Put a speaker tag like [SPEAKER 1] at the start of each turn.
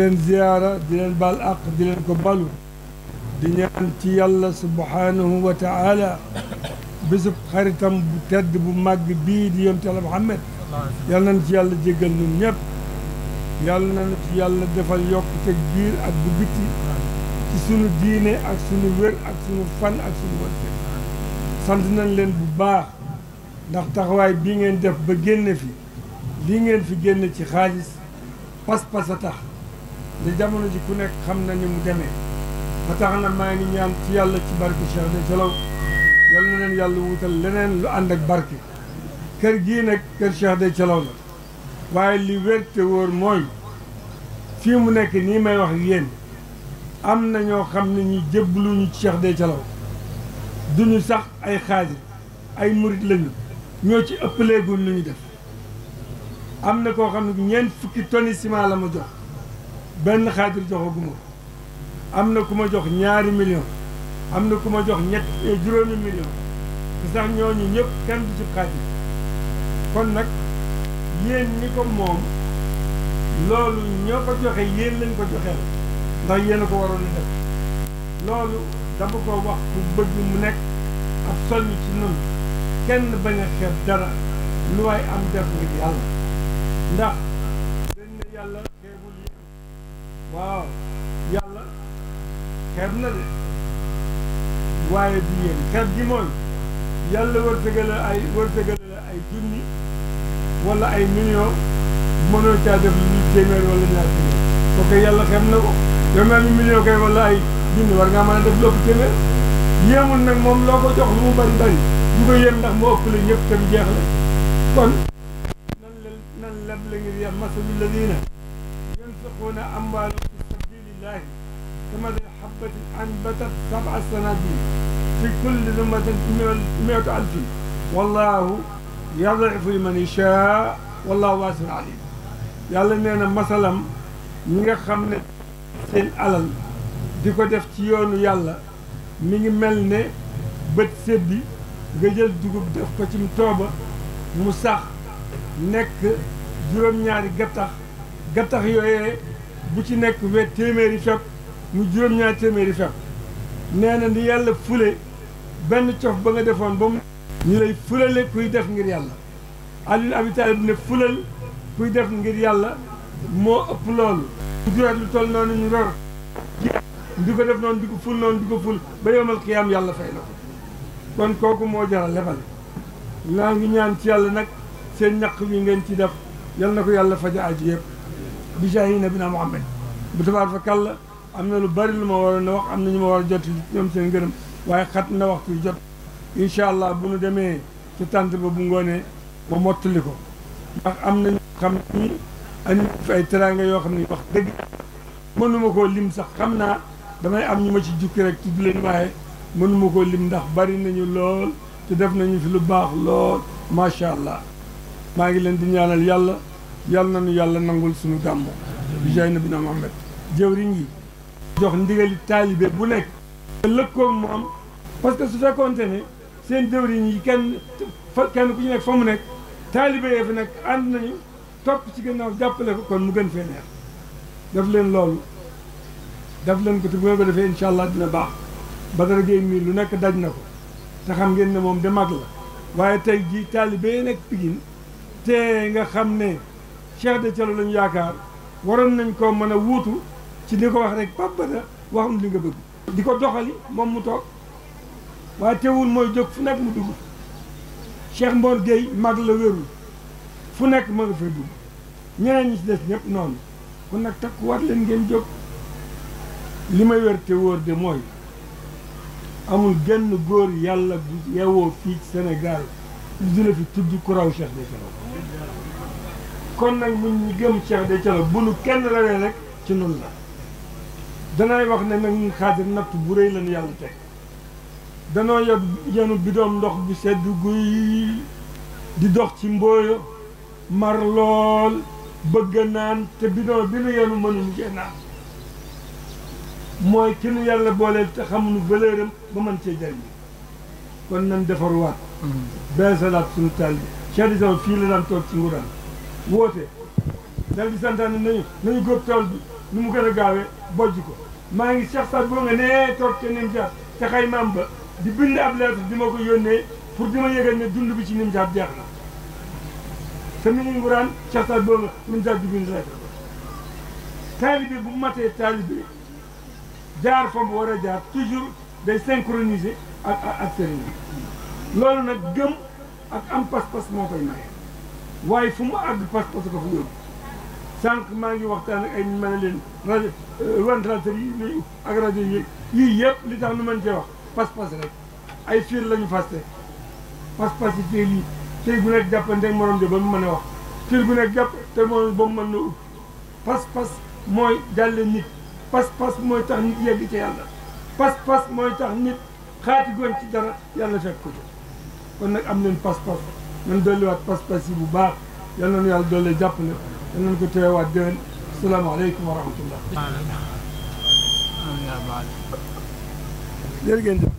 [SPEAKER 1] leen ziyaara di leen baal àq di leen ko balu di ñaan ci yàlla subhanahu wa taala bésub xaritam bu tedd bu màgg bii di yonte yàlla Muhammad yàlla nañ ci yàlla jéggal ñun ñëpp yàlla nañ ci yàlla defal yokk teg biir ak bu bitti ci sunu diine ak sunu wér ak sunu fan ak sunu wërsëg sant nañ leen bu baax ndax taxawaay bii ngeen def ba génne fi lii ngeen fi génne ci xaalis pas-pas a tax li jamono ji ku nekk xam na ni mu demee ba tax na maa ngi ñaan ci yàlla ci barke Cheikh de Thialaw yal na leen yàlla wutal leneen lu ànd ak barke kër gi nag kër Cheikh de Thialaw la waaye li wér te wóor mooy fii mu nekk nii may wax yéen am na ñoo xam ne ñu jébbaluñu ci Cheikh de Thialaw duñu sax ay xaadir ay murit lañu ñoo ci ëppaleegul lu ñu def am na koo xam ne ñeent fukki toni ciment la ma jox benn xaatir joxaguma ko am na ku ma jox ñaari million am na ku ma jox ñett eh, juróomi million te sax ñooñu ñëpp kenn du ci xaatir kon nag yéen ñi ko moom loolu ñoo ko joxe yéen lañ ko joxee la ndax yéen a ko waroon a def loolu dama ko wax bu bëgg mu nekk ab soññ ci nun kenn bañ a xeeb dara lu waay am def ngir yàlla ndax waaw yàlla xeeb na de waaye du yéen xeeb gi mooy yàlla wërsëgale ay wërsëgale ay junni wala ay million mënoo caa def lu ñu téeméer ñaar téeméer parce que yàlla xeeb na ko yow mi am million kay wala ay junni war ngaa mën a def lu ëpp téeméer yéemul nag moom loo ko jox lu mu bari bari du ko yéem ndax moo ëpp la ñëpp tam jeex la kon nan la nan leb lañuy ngir yàlla masalul la يصدقون أموال في سبيل الله كمثل حبة أنبتت سبع سنابل في كل ذمة مئة ألف والله يضعف لمن يشاء والله واسع عليم يلا نينا مثلا ميغا خامن سين الال ديكو ديف سي يونو يالا ميغي ملني بت سيدي غا جيل دوغوب ديف كو سي توبا مو ساخ نيك جوروم gattax yooyee bu ci nekk we téeméeri fekk mu juróom-ñaar téeméeri fekk nee na ni yàlla fule benn cof ba nga defoon ba mu ñu lay fulale kuy def ngir yàlla Ali Abi Talib ne fulal kuy def ngir yàlla moo ëpp loolu mu jurat lu toll noonu ñu ror di ko def noonu di ko ful noonu di ko ful ba yomal xiyaam yàlla fay na ko kon kooku moo jaral lebal laa ngi ñaan ci yàlla nag seen ñaq wi ngeen ci def yal na ko yàlla faja aji yëpp بجاهي نبينا محمد بتبارك الله أمنا لبر المور نوح أمنا نمور جات يوم سنجرم واي خطنا وقت يجات إن شاء الله بنو دمي تتانت ببنغوني وموت لكو أمنا خمني أن في ترانغ يو خمني وقت دي منو مكو لم سخمنا دمي أمنا ما تجوك رك تبلين واي منو مكو لم دخ بارين نيو لول تدفن نيو في لباخ لول ما شاء الله ما يلن دنيا لليالله yàlla nañu yàlla nangul suñu gàmm bi jaay na bi şey na Muhammad jëwriñ yi jox ndigali taalibe bu nekk te lëkkoog moom parce que su fekkoonte ne seen jëwriñ yi kenn fa kenn ku ñu nekk fa mu nekk taalibe yee fi nekk ànd nañu topp ci gannaaw jàppale ko kon mu gën fee neex def leen loolu def leen ko te bu ngeen ko dina baax Badara Gueye mii lu nekk daj na te xam ngeen ne moom de mag la waaye tey jii taalibe yi nekk Pikine nga xam ne Cheikh de Thioro lañu yaakaar waroon nañ ko mën a wuutu ci li ko wax rek papa da li nga bëgg di ko doxali moom mu toog waaye teewul mooy jóg fu nekk Mbor Gueye mag la wérul fu nekk ma nga fay dugg ñeneen ñi ci des ñëpp noonu kon nag takku war leen ngeen jóg li may wér te wóor de mooy amul genn góor yàlla bu yewoo fii ci Sénégal lu dina fi tudd ku raw Cheikh de Thioro kon nag mu ñu gëm Cheikh de Thioro bu nu kenn rawee rek ci nun la danay wax ne nag ñun xaadir natt bu rëy lañu yàlla teg danoo yob yenu bidoom ndox bu sedd guy di dox ci mbooyo mar lool bëgga naan te bidon bi nu yenu mënuñu cee naan mooy ki nu yàlla booleel te xamuñu valeuram ba mën cee jariñu kon nañ defaruwaat mm-hmm. beesalaat sunu taal bi Cheikh de Thioro fii la daan toog ci nguraan woote dal di santaane nañu nañu góob tool bi nu mu gën a gaawee bojj ko maa ngi Cheikh Saad Bou nga nee eh, toog ca Nimzaat ca xaymaam ba di bind ab lettre di ma ko yónnee pour di ma yëgal ne dund bi ci Nimzaat jaar na te mi ngi nguraan Cheikh Saad nga Nimzaat di bind lettre taalibe bu matee taalibe jaar fa mu war a jaar toujours day synchroniser ak ak ak sëriñ loolu nag gëm ak am pas-pas moo koy maye waaye fu mu àgg pas-pas ko fa yóbbu sànq maa ngi waxtaan ak ay ma ne leen rajo ventilateur yi nuyu ak rajo yi yii yëpp li tax nu mën cee wax pas-pas rek ay fiir lañu faste pas-pas yi fiir yi fiir bu nekk jàppanteeg morom jo ba mu mën wax fiir bu nekk jàpp te morom ba mu mën na ut pas-pas mooy jàlle nit pas-pas mooy tax nit yegg ci yàlla pas-pas mooy tax nit xaati goon ci dara yàlla fekk ko kon nag am leen pas-pas nan dolliwaat pas-pas yi bu baax yal nañu yàlla dolli jàppale yal nañu ko teewaat déwén salaamaaleykum wa rahmatullah jërë ngeen jëf